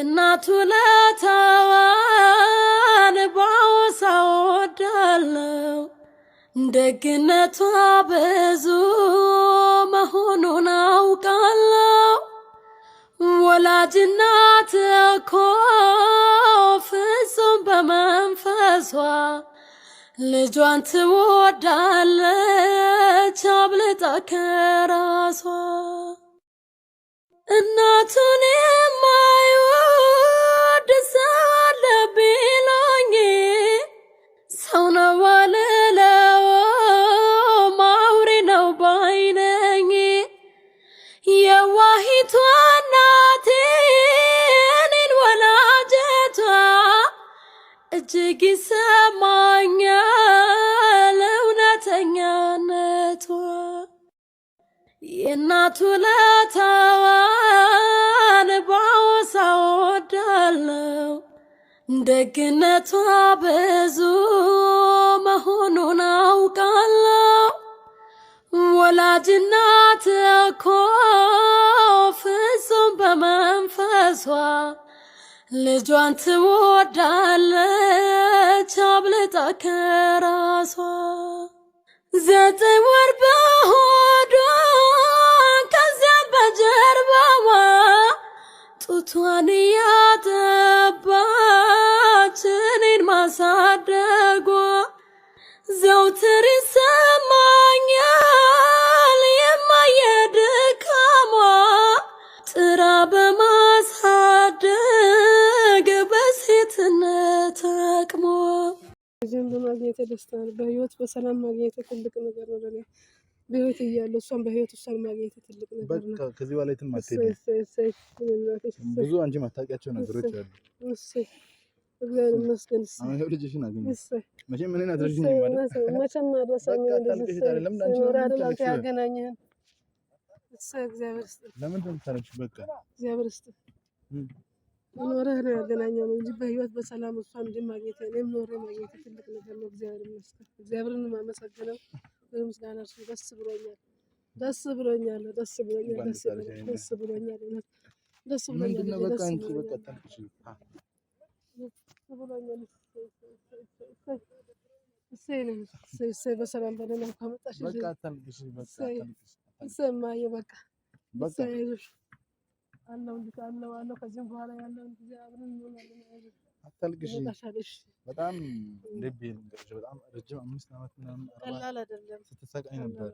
እናቱ ለታዋን ባውሳ ደግነቷ ብዙ መሆኑን አውቃለው። ወላጅናት እኮ ፍጹም በመንፈሷ ልጇን ትወዳለች አብልጣ ከራሷ እናቱን የማ እጅግ ይሰማኛል እውነተኛነቷ የእናቱ ለታዋን ባወሳ ወዳለው ደግነቷ ብዙ መሆኑን አውቃለው። ወላጅናት እኮ ፍጹም በመንፈሷ ልጇን ትወዳለች አብልጣ ከራሷ ዘጠኝ ወር በሆዷ ከዚያ በጀርባዋ ጡቷን እያጠባች እኔን ማሳደጓ ዘውትር ይሰማኛል የማየድካሟ ጥራ በማ ማግኘት ደስታ ነው። በህይወት በሰላም ማግኘት ትልቅ ነገር ነው። ለኔ በህይወት እያለሁ እሷን በህይወት እሷን ማግኘት ትልቅ ነገር ነው። ከዚህ በላይ ብዙ አንቺ ማታውቂያቸው ነገሮች አሉ። እግዚአብሔር ይመስገን። ማለት እንደዚህ እግዚአብሔር ለምን በቃ እግዚአብሔር ኖረህ ነው ያገናኘው ነው እንጂ በህይወት በሰላም እሷን ግን ማግኘት እኔም ኖሬ ማግኘት ትልቅ ነገር ነው። እግዚአብሔር ይመስገን። እግዚአብሔርን የማመሰግነው ምስጋና እርሱ ደስ ብሎኛል፣ ደስ ብሎኛል፣ ደስ ብሎኛል፣ ደስ ብሎኛል፣ ደስ ብሎኛል፣ በሰላም በደህና ካመጣሽ እሰይ እማዬ በቃ አለው አለው አለው። ከዚህም አታልቅሽ። በጣም ልቤ በጣም ረጅም አምስት ዓመት ምናምን ቀላል ነበር።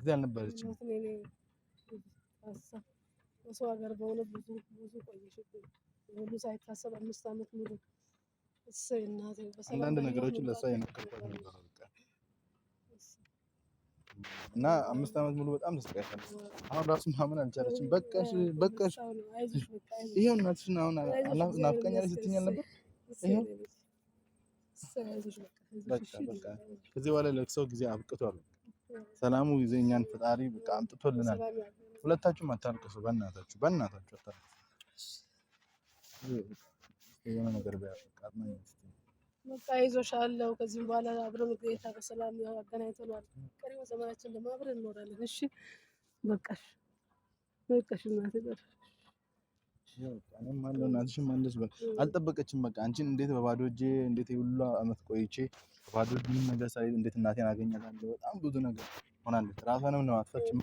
ጊዜ አልነበረችም። በሰው ሀገር በእውነት ብዙ ብዙ ቆየሽብኝ። ሁሉ ሳይታሰብ አምስት ዓመት ሙሉ እሰይ እናቴ። አንዳንድ ነገሮችን ለእሷ የነገርኳት ነበር እና አምስት ዓመት ሙሉ በጣም ተስቀያታል። አሁን ራሱ ማመን አልቻለችም። በቃሽ በቃሽ፣ ይሄው እናትሽን አሁን ናፍቀኛለች ስትይኝ አልነበር? ይሄው በቃ በቃ፣ ከዚህ በኋላ ለቅሰው ጊዜ አብቅቷል። ሰላሙ ጊዜ እኛን ፈጣሪ በቃ አምጥቶልናል። ሁለታችሁም አታልቅሱ፣ በእናታችሁ በእናታችሁ አታልቅሱ። የሆነ ነገር በቃ በቃ ይዞሽ አለው። ከዚህም በኋላ አብረን ጌታ በሰላም ያገናኝተናል። ቀሪው ዘመናችን ደግሞ አብረን እንኖራለን። እሺ በቃሽ፣ በቃሽ እናቴ በቃሽ። እናትሽም አንደስ በል አልጠበቀችም። በቃ አንቺን እንዴት በባዶ እጄ እንዴት የሁሉ አመት ቆይቼ በባዶ እጅ ምንም ነገር ሳይል እንዴት እናቴን አገኛታለሁ። በጣም ብዙ ነገር ሆናለች። ራሷንም ነው አትፈጭም።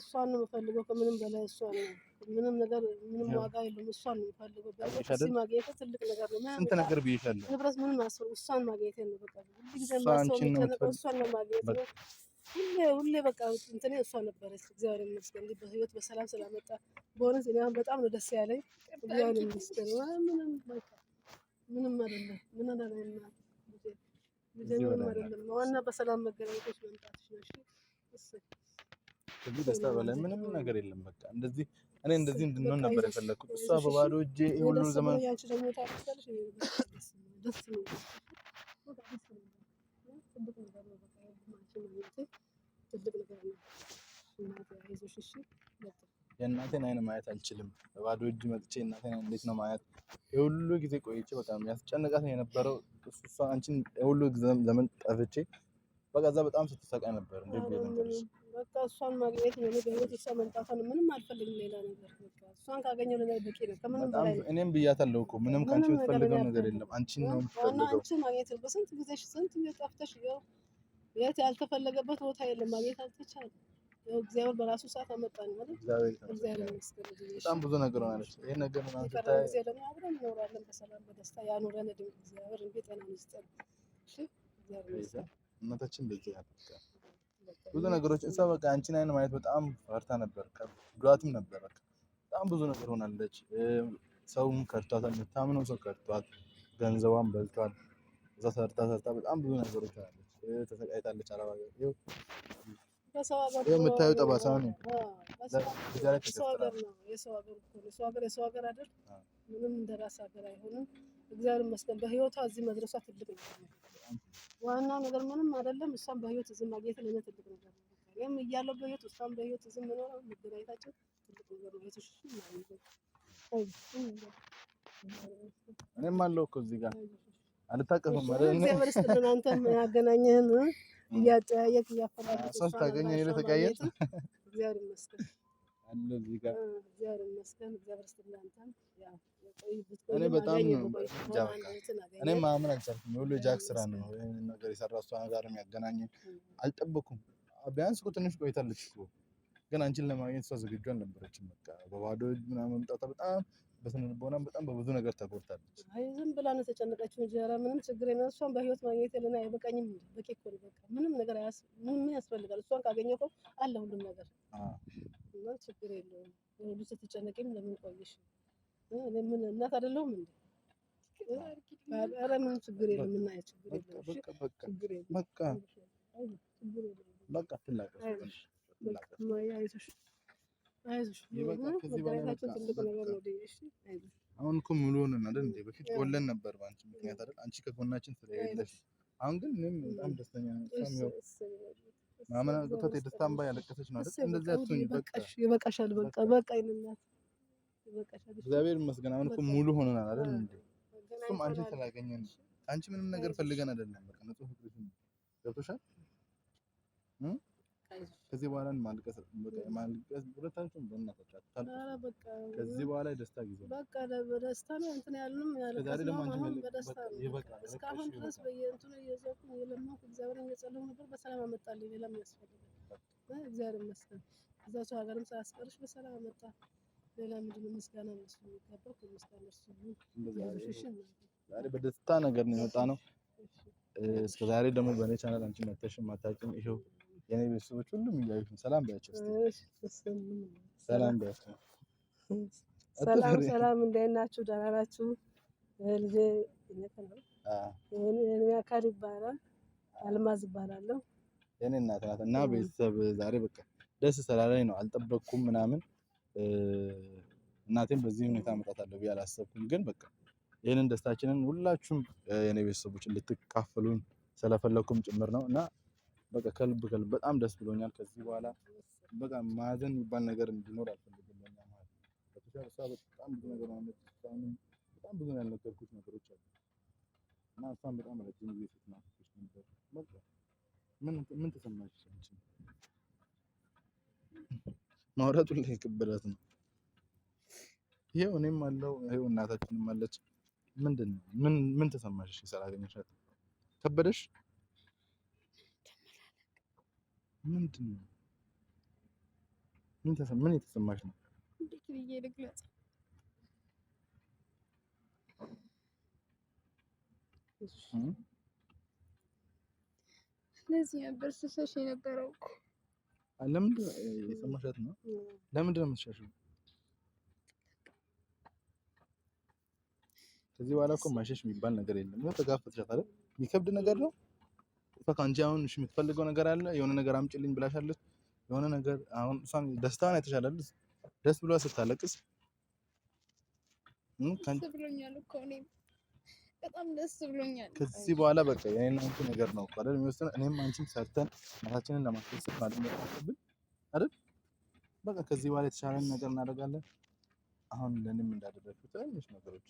እሷን ነው የምፈልገው ከምንም በላይ እሷ ነው ምንም ነገር ምንም ዋጋ የለውም። እሷን ነው የምፈልገው። በእውነት ማግኘት ትልቅ ነገር ነው። ስንት ነገር ብዬሻለሁ። ንብረት ምንም አስፈ እሷን ማግኘት ነው በቃ ሁልጊዜ ማሰው እሷን ነው ማግኘት ነው። ሁሌ ሁሌ በቃ እንትን እሷ ነበረች። እግዚአብሔር ይመስገን እንግዲህ በህይወት በሰላም ስላመጣ በእውነት እኔ አሁን በጣም ነው ደስ ያለኝ። እግዚአብሔር ይመስገን። ምንም በቃ ምንም አይደለም። ምን አላለና ልጄ ምንም አይደለም። ዋና በሰላም መገናኘቶች መምጣትሽ ነው። እሺ እሺ። ከዚህ ደስታ በላይ ምንም ነገር የለም። በቃ እንደዚህ እኔ እንደዚህ እንድንሆን ነበር የፈለግኩት። እሷ በባዶ እጄ የሁሉ ዘመን የእናቴን አይን ማየት አልችልም። በባዶ እጅ መጥቼ እናቴን እንዴት ነው ማየት? የሁሉ ጊዜ ቆይቼ በቃ ያስጨነቃት ነው የነበረው። እሷ አንቺን የሁሉ ዘመን ጠፍቼ በቃ እዛ በጣም ስትሰቃይ ነበር እንዴ በቃ እሷን ማግኘት ነው መገኘት እሷ መምጣቷን ምንም አልፈልግም፣ ሌላ ነገር በቃ እሷን ነገር በቂ ነው። ከምንም በላይ እኔም ብያታለሁ እኮ ምንም ካንቺ የምትፈልገው ነገር የለም። አንቺን ነው ማግኘት በስንት ጊዜሽ ስንት ጊዜ ጠፍተሽ የት ያልተፈለገበት ቦታ የለም ማግኘት አልተቻለም። እግዚአብሔር በራሱ ሰዓት አመጣን ማለት እግዚአብሔር በጣም ብዙ ነገር ማለት ይሄ ነገር ነው። አንተ ጊዜ ደግሞ አብረን እንኖራለን በሰላም በደስታ ያኖረን እግዚአብሔር እንደ ጤና ይስጠን። እሺ እግዚአብሔር እናታችን በዚህ ያጥቃ ብዙ ነገሮች እሷ በቃ አንቺን አይን ማየት በጣም ፈርታ ነበር። ጉዳትም ነበር። በጣም ብዙ ነገር ሆናለች። ሰውም ከርቷታል። የምታምነው ሰው ከርቷት፣ ገንዘቧን በልቷል። እዛ ሰርታ ሰርታ በጣም ብዙ ነገሮች ሆናለች። ተሰቃይታለች። የምታየው ጠባሳ ነው። የሰው ምንም እንደራስ ሀገር አይሆንም። እግዚአብሔር ይመስገን በህይወቷ እዚህ መድረሷ ትልቅ ነው። ዋና ነገር ምንም አይደለም። እሷም በህይወት እዚህ ማግኘት ለእኔ ትልቅ ነገር ነው። እኔም እያለሁ በህይወት እሷም በህይወት እዚህ መኖር መገናኘታቸው ትልቅ ነገር ነው። እኔም አለሁ እኮ እዚህ ጋር አልታቀፍም ማለት ነው። ሶስት እግዚአብሔር ይመስገን። እኔ ማመን አልቻልኩም። የሁሉ የጃክ ስራ ነው ነገር የሰራ እሷ ጋር የሚያገናኘን አልጠበኩም። ቢያንስ እኮ ትንሽ ቆይታለች እኮ ግን አንቺን ለማግኘት እሷ ዝግጁ አልነበረችም። በቃ በባዶ ምናምን መምጣቷ በጣም በስነ ልቦናም በጣም በብዙ ነገር ተጎድታለች። አይ ዝም ብላ ነው የተጨነቀችው እንጂ ኧረ ምንም ችግር የለም። እሷን በህይወት ማግኘት የለና አይበቃኝም። በቂ እኮ ነው። በቃ ምንም ነገር ምን ያስፈልጋል? እሷን ካገኘው እኮ አለ ሁሉም ነገር እና ችግር የለውም። ሁሉ ስትጨነቅም ለምን ቆየሽ? ምን እናት አይደለሁም እንዴ? ኧረ ምንም ችግር የለም። ምን አይ ችግር የለም። በቃ በቃ በቃ ትላቀሽ አሁን እኮ ሙሉ ሆነን አይደል እንዴ? በፊት ቆለን ነበር በአንቺ ምክንያት አይደል? አንቺ ከጎናችን ስለሌለሽ አሁን ግን ምንም በጣም ደስተኛ ነው። ማመና ቁጣት የደስታን ባይ ያለቀሰች ነው አይደል? እንደዚህ አትሆኝ። በቃ ይበቃሻል። በቃ በቃ ይልናል። እግዚአብሔር ይመስገን። አሁን እኮ ሙሉ ሆነናል አይደል እንዴ? እሱም አንቺ ስላገኘን አንቺ ምንም ነገር ፈልገን አይደለም። በቃ ንጹህ ፍቅር ገብቶሻል። ከዚህ በኋላ ማልቀስ ማልቀስ ሁለታችሁም በእናታችሁ አታልቅሱ። ከዚህ በኋላ ደስታ ጊዜ በቃ በደስታ ነው እንትን ያልንም በደስታ ነው። እስካሁን ድረስ በየእንትኑ እየዘኩኝ የለመንኩ እግዚአብሔር እየጸለሁ ነበር። በሰላም አመጣልኝ። ለምን ያስፈልጋል? እግዚአብሔር ይመስገን። እዛቸው ሀገርም ሳያስቀርሽ በሰላም አመጣ። ሌላ ምንድን ነው? ምስጋና እነሱ የሚገባው ከምስጋና እሱ ዛሬ በደስታ ነገር ነው የመጣ ነው። እስከዛሬ ደግሞ በእኔ ቻናል አንቺ መተሽ ማታውቂም ይኸው የኔ ቤተሰቦች ሁሉም እያዩት ሰላም ባያቸው። ሰላም ባያቸው። ሰላም ሰላም፣ እንዴት ናችሁ? ደህና ናችሁ? ልጄ አካል ይባላል። አልማዝ ይባላለሁ። የኔ እናት ናት እና ቤተሰብ ዛሬ በቃ ደስ ስላለኝ ነው። አልጠበቅኩም ምናምን እናቴም በዚህ ሁኔታ መጣታለሁ ብዬ አላሰብኩም። ግን በቃ ይህንን ደስታችንን ሁላችሁም የኔ ቤተሰቦች እንድትካፈሉኝ ስለፈለኩም ጭምር ነው እና በቃ ከልብ ከልብ በጣም ደስ ብሎኛል። ከዚህ በኋላ በቃ ማዘን የሚባል ነገር እንዲኖር አልፈልግም። ለኛ ማለት ነው በጣም ብዙ ነገር ማለት በጣም ብዙ ነገሮች አሉ እና እሷን በጣም ረጅም ጊዜ ስትናፍቅሽ ነበር። በቃ ምን ምን ተሰማሽ? ማውራቱ ላይ ክብደት ነው። ይሄው እኔም አለው ይሄው እናታችንም አለች። ምንድን ነው ምን ምን ተሰማሽ? ከበደሽ? ምንድን ነው? ምን የተሰማሽ ነው? እንዴት ብዬ ልግለጽ? ነበር ስሰሽ የነበረው እኮ። ለምንድን ነው የሰማሻት ነው? ለምንድን ነው የምትሻሽው? ከዚህ በኋላ እኮ ማሸሽ የሚባል ነገር የለም። ተጋፈጥሻት አይደል? የሚከብድ ነገር ነው። አንቺ አሁን እሺ የምትፈልገው ነገር አለ፣ የሆነ ነገር አምጪልኝ ብላሻለች። የሆነ ነገር አሁን እሷን ደስታዋን አይተሻላል። ደስ ብሏ ስታለቅስ ከዚህ በኋላ በቃ የኔና አንቺ ነገር ነው እኮ አይደል የሚወስነው። እኔም አንቺም ሰርተን ራሳችንን ለማስደሰት ማለት ነው አይደል? በቃ ከዚህ በኋላ የተሻለን ነገር እናደርጋለን። አሁን ለእኔም እንዳደረግኩት ትንሽ ነገሮች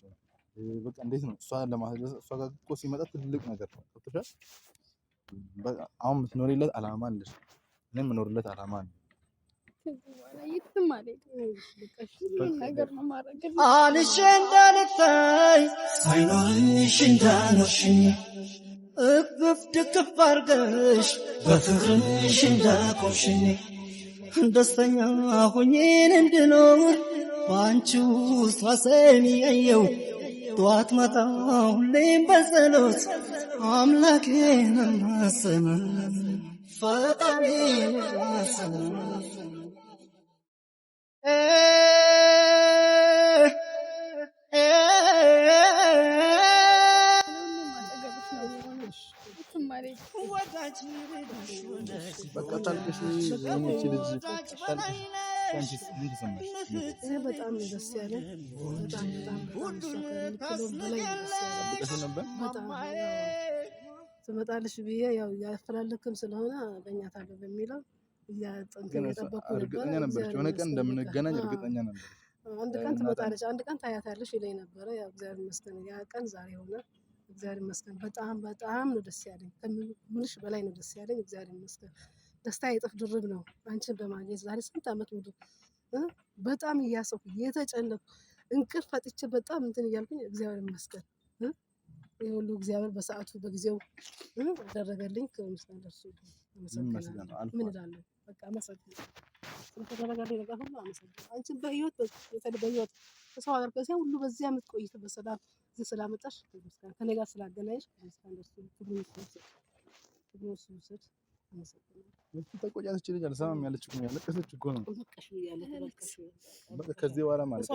በቃ እንዴት ነው እሷ ለማስደሰት እሷ ጋር እኮ ሲመጣ ትልቅ ነገር ነው። አሁን የምትኖሪለት አላማ አለሽ። እኔ የምኖርለት አላማ አለ። አልሽ እንዳልታይ አይኗሽ አርገሽ በፍቅርሽ ደስተኛ እንድኖር ውስጥ ራሴን ጠዋት ማታ ሁሌም በጸሎት አምላኬን ማሰብ ፈጣሪ ማሰብ በጣም ደስ ያለ ትመጣለች ብዬ ያው እያፈላለክም ስለሆነ በእኛ ታለ በሚለው እያጠንጠበቁ ነበረች። የሆነ ቀን እንደምንገናኝ እርግጠኛ ነበር። አንድ ቀን ትመጣለች፣ አንድ ቀን ታያታለች ይለኝ ነበረ። ያው እግዚአብሔር ይመስገን ያ ቀን ዛሬ ሆነ። እግዚአብሔር ይመስገን በጣም በጣም ነው ደስ ያለኝ። ከምልሽ በላይ ነው ደስ ያለኝ። እግዚአብሔር ይመስገን። ደስታ የጥፍ ድርብ ነው አንቺን በማግኘት ዛሬ ስንት ዓመት ሙሉ በጣም እያሰብኩ የተጨነኩ እንቅልፍ ፈጥቼ በጣም እንትን እያልኩኝ እግዚአብሔር ይመስገን ይህ ሁሉ እግዚአብሔር በሰዓቱ በጊዜው አደረገልኝ። ከምስጋና ደርሱ ምን እላለሁ? በቃ አመሰግናለሁ። ስለተደረገልኝ ነገር ሁሉ አመሰግናለሁ። አንቺን በህይወት በህይወት ሀገር ከዚያ ሁሉ በዚህ በሰላም እዚህ ስላመጣሽ ስላገናኘሽ ደርሱ ሁሉ አመሰግናለሁ። ቆያተች ልጅ አልሰማም ያለች እኮ ነው ያለቀሰች እኮ ነው። ከዚህ በኋላ ማለት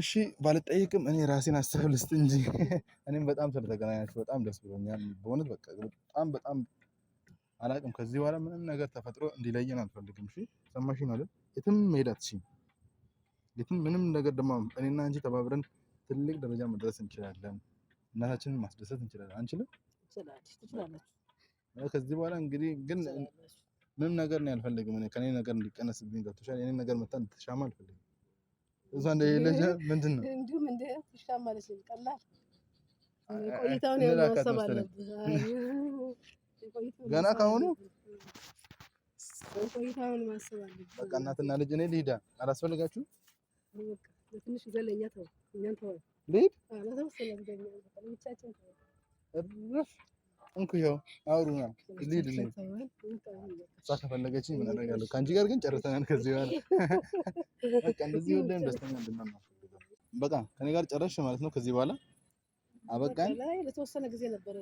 እሺ ባልጠይቅም እኔ ራሴን አስተያየት ልስጥ እንጂ እኔም በጣም ስለተገናኛችሁ በጣም ደስ ብሎኛል። በእውነት በቃ በጣም በጣም አላቅም። ከዚህ በኋላ ምንም ነገር ተፈጥሮ እንዲለየን አልፈልግም። እሺ ሰማሽኝ አይደል? የትም መሄድ አትችይም። የትም ምንም ነገር ደግሞ እኔና አንቺ ተባብረን ትልቅ ደረጃ መድረስ እንችላለን። እናታችንን ማስደሰት እንችላለን። አንችልም ከዚህ በኋላ እንግዲህ ግን ምንም ነገር ነው ያልፈልግም። እኔ ከኔ ነገር እንዲቀነስብኝ ገብቶሻል። የኔ ነገር መጣ እንድትሻማ አልፈልግም። እሷ እንደሌለሽ ምንድን ነው እንዲሁም እንደ ትሻማለች ቀላል ቆይታውን ያማሰብ አለብህ። ገና ከአሁኑ ቆይታውን ማሰብ አለብህ። በቃ እናትና ልጅ እኔ ልሂዳ አላስፈልጋችሁም። ትንሽ ገለኛ ተው፣ እኛን ተው ልሂድ እንኩ እንኩያው አውሩና ሊድ ነው። እሷ ከፈለገችኝ ምን አደርጋለሁ? ከአንቺ ጋር ግን ጨርሰናል። ከዚህ በኋላ በቃ እንደዚህ ሁሌም ደስተኛ እንድንሆን ነው። በቃ ከኔ ጋር ጨረስሽ ማለት ነው። ከዚህ በኋላ አበቃን። ለተወሰነ ጊዜ ነበር።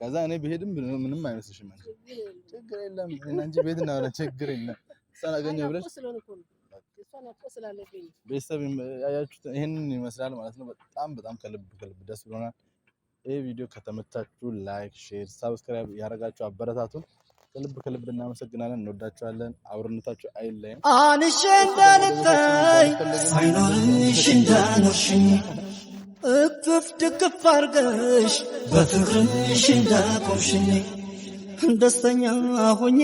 ከዛ እኔ ብሄድም ምንም አይመስልሽም? ችግር የለም። እናንቺ ቤት እናወራ። ችግር የለም። እሷን አገኘሁ ብለሽ ቤተሰብ ያያችሁት ይህንን ይመስላል ማለት ነው። በጣም በጣም ከልብ ከልብ ደስ ብሎናል። ይህ ቪዲዮ ከተመቻችሁ ላይክ፣ ሼር፣ ሳብስክራይብ ያደረጋችሁ አበረታቱን። ከልብ ከልብ እናመሰግናለን። እንወዳችኋለን። አብሮነታችሁ አይለይም። አንሽ እንዳልታይ አይኖርሽ እንዳኖርሽኝ እቅፍ ድቅፍ አርገሽ በፍቅርሽ እንዳቆምሽኝ ደስተኛ ሁኝ